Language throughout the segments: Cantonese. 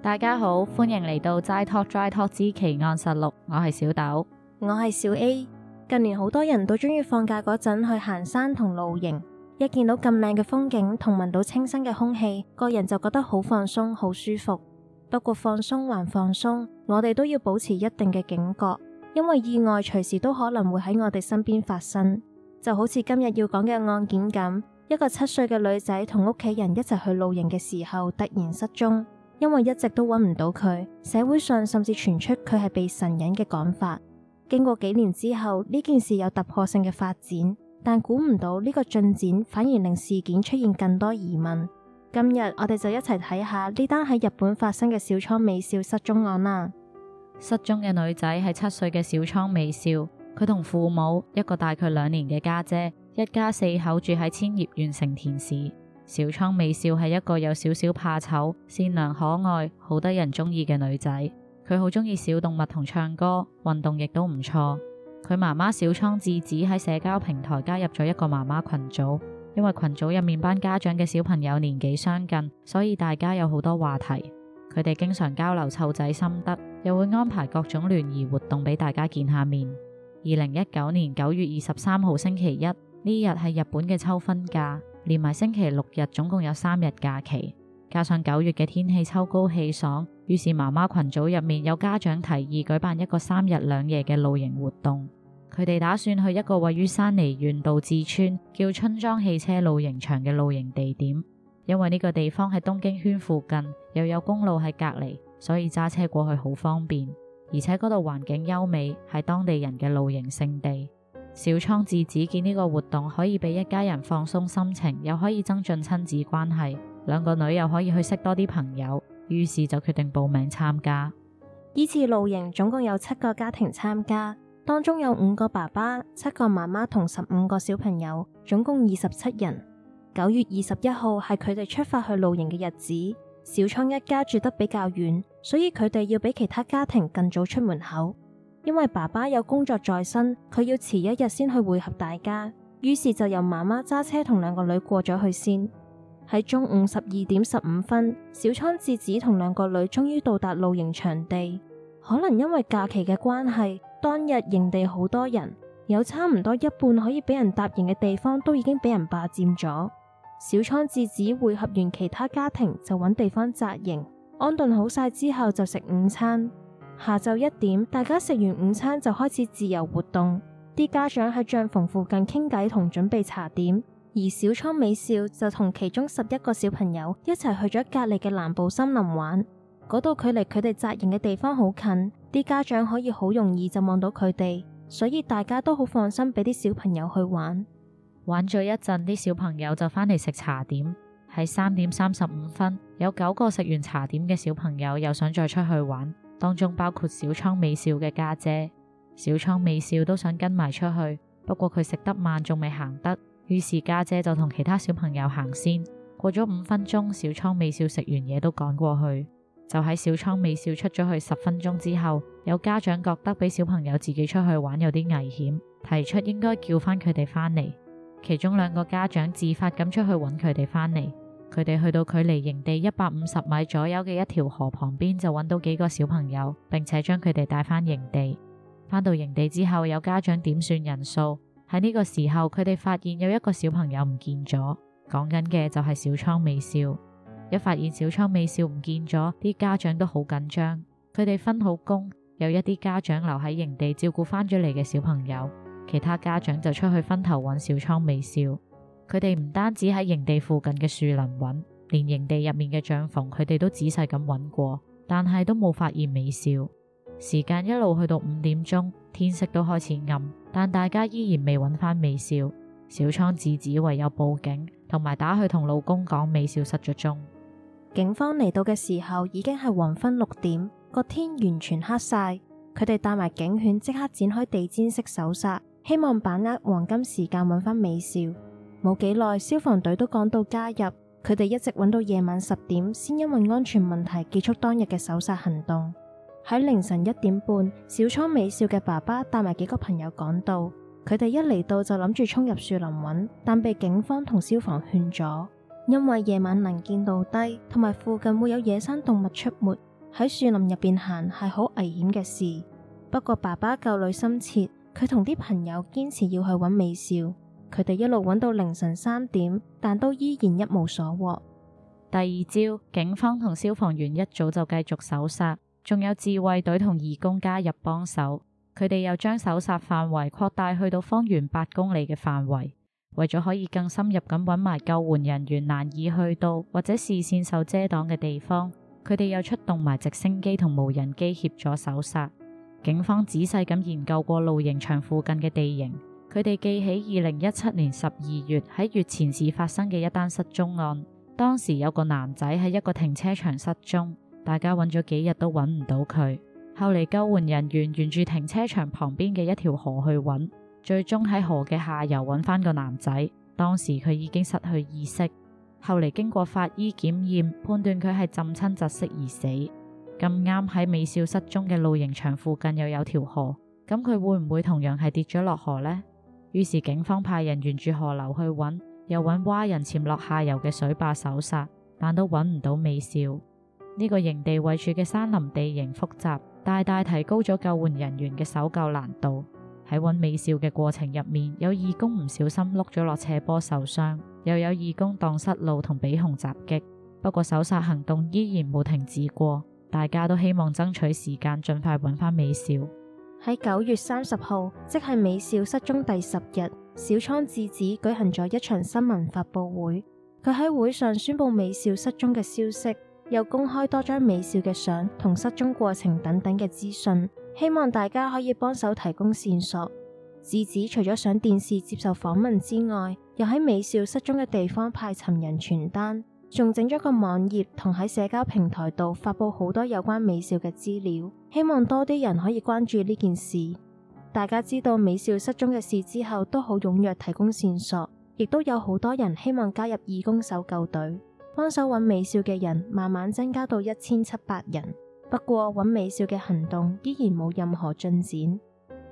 大家好，歡迎嚟到《齋 Talk 齋 Talk 之奇案實錄》，我係小豆，我係小 A。近年好多人都中意放假嗰陣去行山同露營，一見到咁靚嘅風景，同聞到清新嘅空氣，個人就覺得好放鬆，好舒服。不過放鬆還放鬆，我哋都要保持一定嘅警覺，因為意外隨時都可能會喺我哋身邊發生。就好似今日要講嘅案件咁，一個七歲嘅女仔同屋企人一齊去露營嘅時候，突然失蹤。因為一直都揾唔到佢，社會上甚至傳出佢係被神隱嘅講法。經過幾年之後，呢件事有突破性嘅發展，但估唔到呢個進展反而令事件出現更多疑問。今日我哋就一齊睇下呢單喺日本發生嘅小倉美咲失蹤案啦。失蹤嘅女仔係七歲嘅小倉美咲，佢同父母、一個大佢兩年嘅家姐，一家四口住喺千葉縣成田市。小倉美咲係一個有少少怕醜、善良可愛、好得人鍾意嘅女仔。佢好鍾意小動物同唱歌，運動亦都唔錯。佢媽媽小倉智子喺社交平台加入咗一個媽媽群組，因為群組入面班家長嘅小朋友年紀相近，所以大家有好多話題。佢哋經常交流湊仔心得，又會安排各種聯誼活動俾大家見下面。二零一九年九月二十三號星期一，呢日係日本嘅秋分假。連埋星期六日，總共有三日假期，加上九月嘅天氣秋高氣爽，於是媽媽群組入面有家長提議舉辦一個三日兩夜嘅露營活動。佢哋打算去一個位於山梨縣道志村叫春莊汽車露營場嘅露營地點，因為呢個地方喺東京圈附近，又有公路喺隔籬，所以揸車過去好方便，而且嗰度環境優美，係當地人嘅露營勝地。小倉智子見呢個活動可以俾一家人放鬆心情，又可以增進親子關係，兩個女又可以去識多啲朋友，於是就決定報名參加。呢次露營總共有七個家庭參加，當中有五個爸爸、七個媽媽同十五個小朋友，總共二十七人。九月二十一號係佢哋出發去露營嘅日子。小倉一家住得比較遠，所以佢哋要比其他家庭更早出門口。因為爸爸有工作在身，佢要遲一日先去匯合大家，於是就由媽媽揸車同兩個女過咗去先。喺中午十二點十五分，小倉智子同兩個女終於到達露營場地。可能因為假期嘅關係，當日營地好多人，有差唔多一半可以俾人搭營嘅地方都已經俾人霸佔咗。小倉智子匯合完其他家庭，就搵地方紮營，安頓好晒之後就食午餐。下晝一點，大家食完午餐就開始自由活動。啲家長喺帳篷附近傾偈同準備茶點，而小倉美咲就同其中十一個小朋友一齊去咗隔籬嘅南部森林玩。嗰度距離佢哋紮營嘅地方好近，啲家長可以好容易就望到佢哋，所以大家都好放心俾啲小朋友去玩。玩咗一陣，啲小朋友就返嚟食茶點。喺三點三十五分，有九個食完茶點嘅小朋友又想再出去玩。當中包括小倉美咲嘅家姐，小倉美咲都想跟埋出去，不過佢食得慢，仲未行得，於是家姐就同其他小朋友行先。過咗五分鐘，小倉美咲食完嘢都趕過去，就喺小倉美咲出咗去十分鐘之後，有家長覺得俾小朋友自己出去玩有啲危險，提出應該叫返佢哋返嚟，其中兩個家長自發咁出去搵佢哋返嚟。佢哋去到距離營地一百五十米左右嘅一條河旁邊，就揾到幾個小朋友，並且將佢哋帶返營地。返到營地之後，有家長點算人數。喺呢個時候，佢哋發現有一個小朋友唔見咗，講緊嘅就係小倉美咲。一發現小倉美咲唔見咗，啲家長都好緊張。佢哋分好工，有一啲家長留喺營地照顧返咗嚟嘅小朋友，其他家長就出去分頭揾小倉美咲。佢哋唔單止喺營地附近嘅樹林揾，連營地入面嘅帳篷，佢哋都仔細咁揾過，但係都冇發現美咲。時間一路去到五點鐘，天色都開始暗，但大家依然未揾返美咲。小倉智子唯有報警同埋打去同老公講美咲失咗蹤。警方嚟到嘅時候已經係黃昏六點，個天完全黑晒。佢哋帶埋警犬，即刻展開地毯式搜殺，希望把握黃金時間揾返美咲。冇幾耐，消防隊都趕到加入，佢哋一直揾到夜晚十點，先因為安全問題結束當日嘅搜索行動。喺凌晨一點半，小倉美咲嘅爸爸帶埋幾個朋友趕到，佢哋一嚟到就諗住衝入樹林揾，但被警方同消防勸阻，因為夜晚能見度低，同埋附近會有野生動物出沒，喺樹林入邊行係好危險嘅事。不過爸爸救女心切，佢同啲朋友堅持要去揾美咲。佢哋一路揾到凌晨三點，但都依然一無所獲。第二朝，警方同消防員一早就繼續搜索，仲有自衛隊同義工加入幫手。佢哋又將搜索範圍擴大去到方圓八公里嘅範圍，為咗可以更深入咁揾埋救援人員難以去到或者視線受遮擋嘅地方，佢哋又出動埋直升機同無人機協助搜索。警方仔細咁研究過露營場附近嘅地形。佢哋記起二零一七年十二月喺月前市發生嘅一單失蹤案當時有個男仔喺一個停車場失蹤，大家揾咗幾日都揾唔到佢。後嚟救援人員沿住停車場旁邊嘅一條河去揾，最終喺河嘅下游揾翻個男仔。當時佢已經失去意識，後嚟經過法醫檢驗，判斷佢係浸親窒息而死。咁啱喺美咲失蹤嘅露營場附近又有條河，咁佢會唔會同樣係跌咗落河呢？於是警方派人沿住河流去揾，又揾蛙人潛落下游嘅水壩搜索，但都揾唔到美咲。呢、這個營地位處嘅山林地形複雜，大大提高咗救援人員嘅搜救難度。喺揾美咲嘅過程入面，有義工唔小心碌咗落斜坡受傷，又有義工蕩、蕩失路同俾熊襲擊。不過搜索行動依然冇停止過，大家都希望爭取時間，盡快揾返美咲。喺九月三十號，即係美咲失蹤第十日，小倉智子舉行咗一場新聞發布會。佢喺會上宣布美咲失蹤嘅消息，又公開多張美咲嘅相、同失蹤過程等等嘅資訊，希望大家可以幫手提供線索。智子除咗上電視接受訪問之外，又喺美咲失蹤嘅地方派尋人傳單，仲整咗個網頁同喺社交平台度發布好多有關美咲嘅資料。希望多啲人可以關注呢件事。大家知道美咲失蹤嘅事之後，都好踴躍提供線索，亦都有好多人希望加入義工搜救隊，幫手揾美咲嘅人，慢慢增加到一千七百人。不過揾美咲嘅行動依然冇任何進展。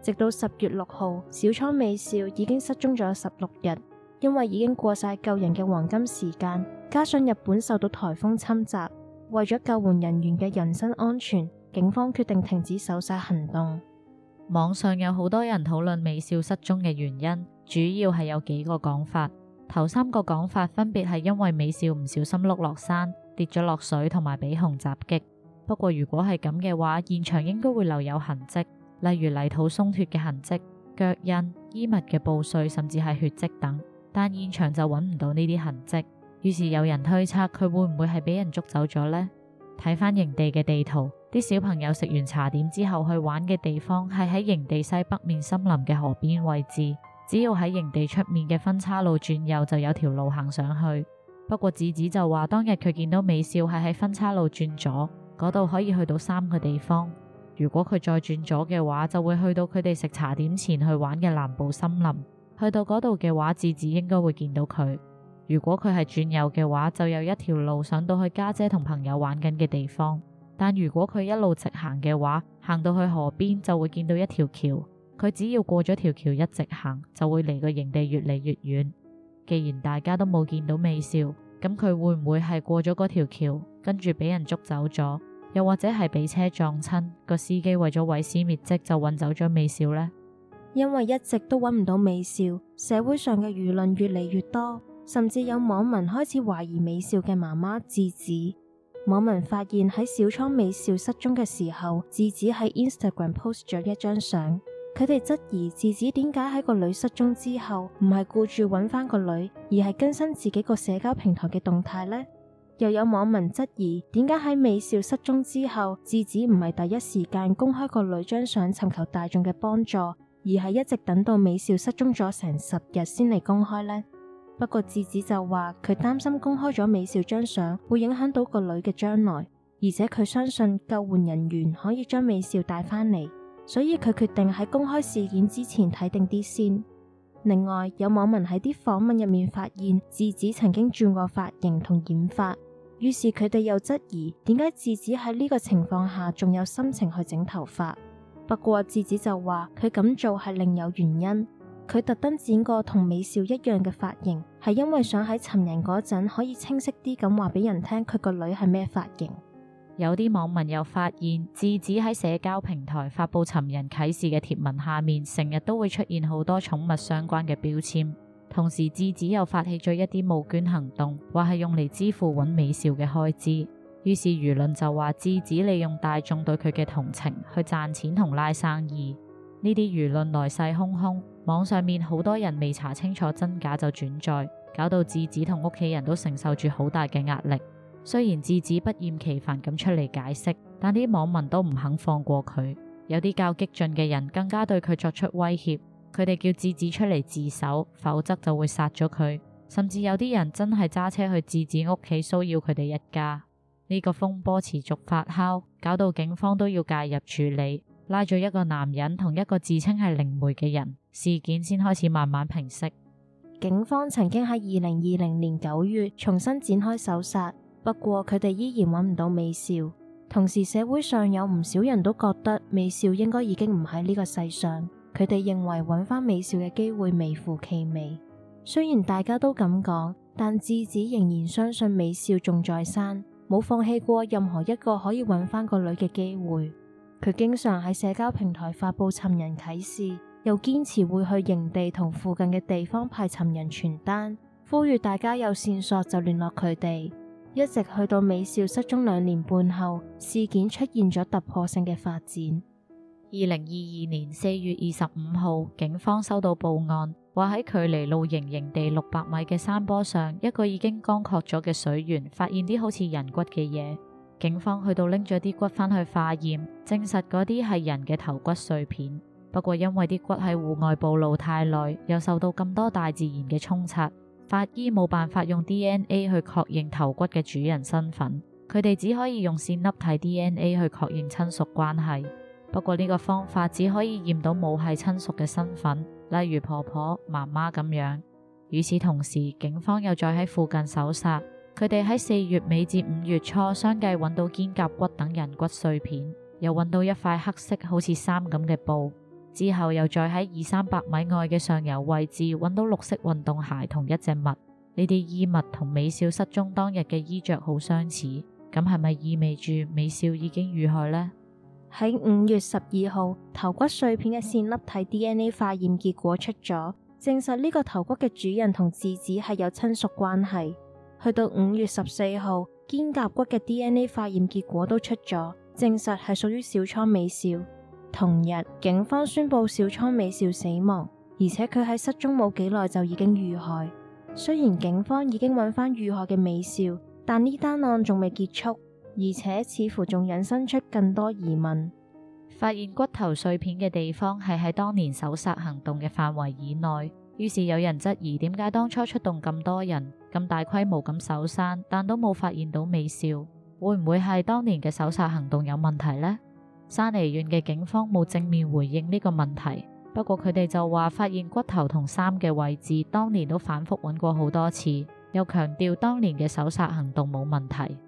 直到十月六號，小倉美咲已經失蹤咗十六日，因為已經過晒救人嘅黃金時間，加上日本受到台風侵襲，為咗救援人員嘅人身安全。警方決定停止搜索行動。網上有好多人討論美咲失蹤嘅原因，主要係有幾個講法。頭三個講法分別係因為美咲唔小心碌落山，跌咗落水，同埋俾熊襲擊。不過如果係咁嘅話，現場應該會留有痕跡，例如泥土鬆脫嘅痕跡、腳印、衣物嘅布碎，甚至係血跡等。但現場就揾唔到呢啲痕跡，於是有人推測佢會唔會係俾人捉走咗呢？睇返營地嘅地圖。啲小朋友食完茶點之後去玩嘅地方係喺營地西北面森林嘅河邊位置。只要喺營地出面嘅分岔路轉右，就有條路行上去。不過子子就話當日佢見到美咲係喺分岔路轉左嗰度，可以去到三個地方。如果佢再轉左嘅話，就會去到佢哋食茶點前去玩嘅南部森林。去到嗰度嘅話，子子應該會見到佢。如果佢係轉右嘅話，就有一條路上到去家姐同朋友玩緊嘅地方。但如果佢一路直行嘅話，行到去河邊就會見到一條橋。佢只要過咗條橋，一直行就會離個營地越嚟越遠。既然大家都冇見到美咲，咁佢會唔會係過咗嗰條橋，跟住俾人捉走咗，又或者係俾車撞親個司機，為咗毀屍滅跡就搵走咗美咲咧？因為一直都搵唔到美咲，社會上嘅輿論越嚟越多，甚至有網民開始懷疑美咲嘅媽媽智子。網民發現喺小倉美咲失蹤嘅時候，智子喺 Instagram post 咗一張相。佢哋質疑智子點解喺個女失蹤之後，唔係顧住揾翻個女，而係更新自己個社交平台嘅動態呢？又有網民質疑，點解喺美咲失蹤之後，智子唔係第一時間公開個女張相，尋求大眾嘅幫助，而係一直等到美咲失蹤咗成十日先嚟公開呢？不過智子就話佢擔心公開咗美咲張相會影響到個女嘅將來，而且佢相信救援人員可以將美咲帶返嚟，所以佢決定喺公開事件之前睇定啲先。另外有網民喺啲訪問入面發現智子曾經轉過髮型同染髮，於是佢哋又質疑點解智子喺呢個情況下仲有心情去整頭髮？不過智子就話佢咁做係另有原因。佢特登剪個同美咲一樣嘅髮型，係因為想喺尋人嗰陣可以清晰啲咁話俾人聽佢個女係咩髮型。有啲網民又發現，智子喺社交平台發布尋人啟事嘅貼文下面，成日都會出現好多寵物相關嘅標籤。同時，智子又發起咗一啲募捐行動，話係用嚟支付揾美咲嘅開支。於是輿論就話智子利用大眾對佢嘅同情去賺錢同拉生意。呢啲輿論來勢洶洶。網上面好多人未查清楚真假就轉載，搞到智子同屋企人都承受住好大嘅壓力。雖然智子不厭其煩咁出嚟解釋，但啲網民都唔肯放過佢。有啲較激進嘅人更加對佢作出威脅，佢哋叫智子出嚟自首，否則就會殺咗佢。甚至有啲人真係揸車去智子屋企騷擾佢哋一家。呢個風波持續發酵，搞到警方都要介入處理，拉咗一個男人同一個自稱係靈媒嘅人。事件先開始慢慢平息。警方曾經喺二零二零年九月重新展開搜索，不過佢哋依然揾唔到美咲。同時，社會上有唔少人都覺得美咲應該已經唔喺呢個世上。佢哋認為揾翻美咲嘅機會微乎其微。雖然大家都咁講，但智子仍然相信美咲仲在生，冇放棄過任何一個可以揾翻個女嘅機會。佢經常喺社交平台發布尋人啟事。又堅持會去營地同附近嘅地方派尋人傳單，呼籲大家有線索就聯絡佢哋。一直去到美咲失蹤兩年半後，事件出現咗突破性嘅發展。二零二二年四月二十五號，警方收到報案，話喺距離露營營地六百米嘅山坡上，一個已經乾涸咗嘅水源，發現啲好似人骨嘅嘢。警方去到拎咗啲骨返去化驗，證實嗰啲係人嘅頭骨碎片。不過因為啲骨喺戶外暴露太耐，又受到咁多大自然嘅沖刷，法醫冇辦法用 DNA 去確認頭骨嘅主人身份。佢哋只可以用線粒體 DNA 去確認親屬關係。不過呢個方法只可以驗到母系親屬嘅身份，例如婆婆、媽媽咁樣。與此同時，警方又再喺附近搜索。佢哋喺四月尾至五月初相繼揾到肩胛骨等人骨碎片，又揾到一塊黑色好似衫咁嘅布。之後又再喺二三百米外嘅上游位置揾到綠色運動鞋同一隻襪，呢啲衣物同美咲失蹤當日嘅衣着好相似，咁係咪意味住美咲已經遇害呢？喺五月十二號，頭骨碎片嘅線粒體 D N A 化驗結果出咗，證實呢個頭骨嘅主人同智子係有親屬關係。去到五月十四號，肩胛骨嘅 D N A 化驗結果都出咗，證實係屬於小倉美咲。同日，警方宣布小倉美咲死亡，而且佢喺失蹤冇幾耐就已經遇害。雖然警方已經揾翻遇害嘅美咲，但呢單案仲未結束，而且似乎仲引申出更多疑問。發現骨頭碎片嘅地方係喺當年搜索行動嘅範圍以內，於是有人質疑點解當初出動咁多人，咁大規模咁搜山，但都冇發現到美咲，會唔會係當年嘅搜索行動有問題呢？山梨縣嘅警方冇正面回應呢個問題，不過佢哋就話發現骨頭同衫嘅位置當年都反覆揾過好多次，又強調當年嘅搜查行動冇問題。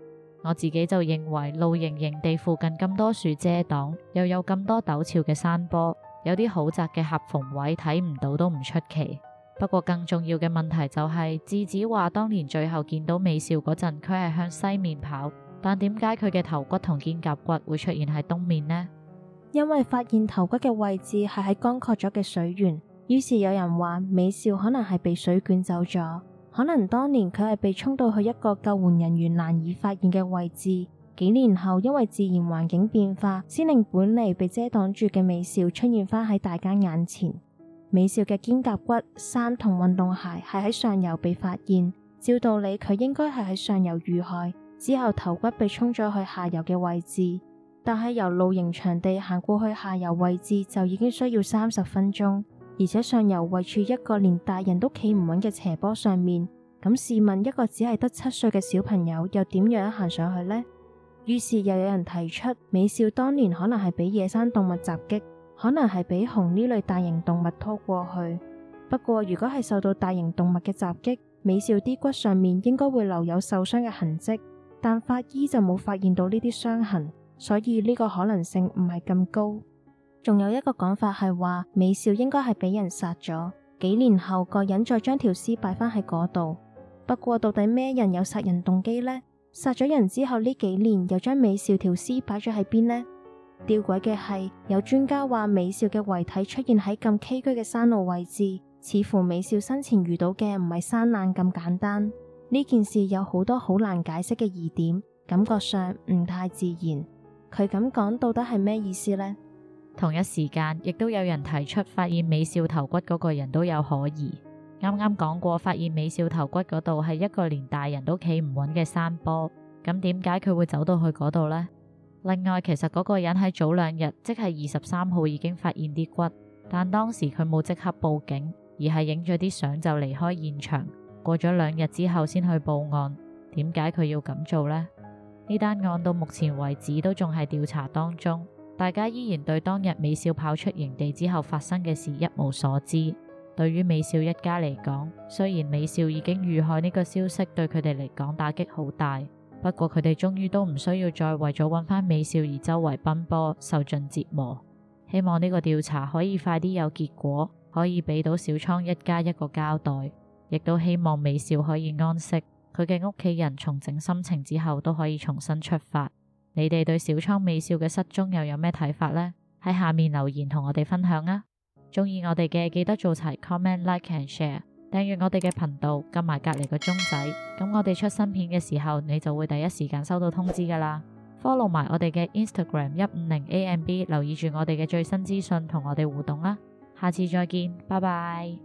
我自己就認為露營營地附近咁多樹遮擋，又有咁多陡峭嘅山坡，有啲好窄嘅合縫位睇唔到都唔出奇。不過更重要嘅問題就係智子話當年最後見到美咲嗰陣，佢係向西面跑。但點解佢嘅頭骨同肩胛骨會出現喺東面呢？因為發現頭骨嘅位置係喺乾涸咗嘅水源，於是有人話美咲可能係被水捲走咗。可能當年佢係被沖到去一個救援人員難以發現嘅位置。幾年後，因為自然環境變化，先令本嚟被遮擋住嘅美咲出現返喺大家眼前。美咲嘅肩胛骨、衫同運動鞋係喺上游被發現，照道理佢應該係喺上游遇害。之後頭骨被沖咗去下游嘅位置，但係由露營場地行過去下游位置就已經需要三十分鐘，而且上游位處一個連大人都企唔穩嘅斜坡上面，咁試問一個只係得七歲嘅小朋友又點樣行上去呢？於是又有人提出，美少當年可能係俾野生動物襲擊，可能係俾熊呢類大型動物拖過去。不過如果係受到大型動物嘅襲擊，美少啲骨上面應該會留有受傷嘅痕跡。但法醫就冇發現到呢啲傷痕，所以呢個可能性唔係咁高。仲有一個講法係話，美咲應該係俾人殺咗，幾年後個人再將條屍擺翻喺嗰度。不過到底咩人有殺人動機呢？殺咗人之後呢幾年又將美咲條屍擺咗喺邊呢？吊詭嘅係，有專家話美咲嘅遺體出現喺咁崎嶇嘅山路位置，似乎美咲生前遇到嘅唔係山難咁簡單。呢件事有好多好難解釋嘅疑點，感覺上唔太自然。佢咁講到底係咩意思呢？同一時間亦都有人提出，發現美咲頭骨嗰個人都有可疑。啱啱講過，發現美咲頭骨嗰度係一個連大人都企唔穩嘅山坡，咁點解佢會走到去嗰度呢？另外，其實嗰個人喺早兩日，即係二十三號已經發現啲骨，但當時佢冇即刻報警，而係影咗啲相就離開現場。過咗兩日之後先去報案，點解佢要咁做呢？呢單案到目前為止都仲係調查當中，大家依然對當日美咲跑出營地之後發生嘅事一無所知。對於美咲一家嚟講，雖然美咲已經遇害，呢個消息對佢哋嚟講打擊好大，不過佢哋終於都唔需要再為咗搵返美咲而周圍奔波，受盡折磨。希望呢個調查可以快啲有結果，可以俾到小倉一家一個交代。亦都希望美咲可以安息，佢嘅屋企人重整心情之後都可以重新出發。你哋對小倉美咲嘅失蹤又有咩睇法呢？喺下面留言同我哋分享啊！中意我哋嘅記得做齊 comment、like and share，訂閱我哋嘅頻道，加埋隔籬個鐘仔，咁我哋出新片嘅時候，你就會第一時間收到通知噶啦。follow 埋我哋嘅 Instagram 一五零 AMB，留意住我哋嘅最新資訊，同我哋互動啊！下次再見，拜拜。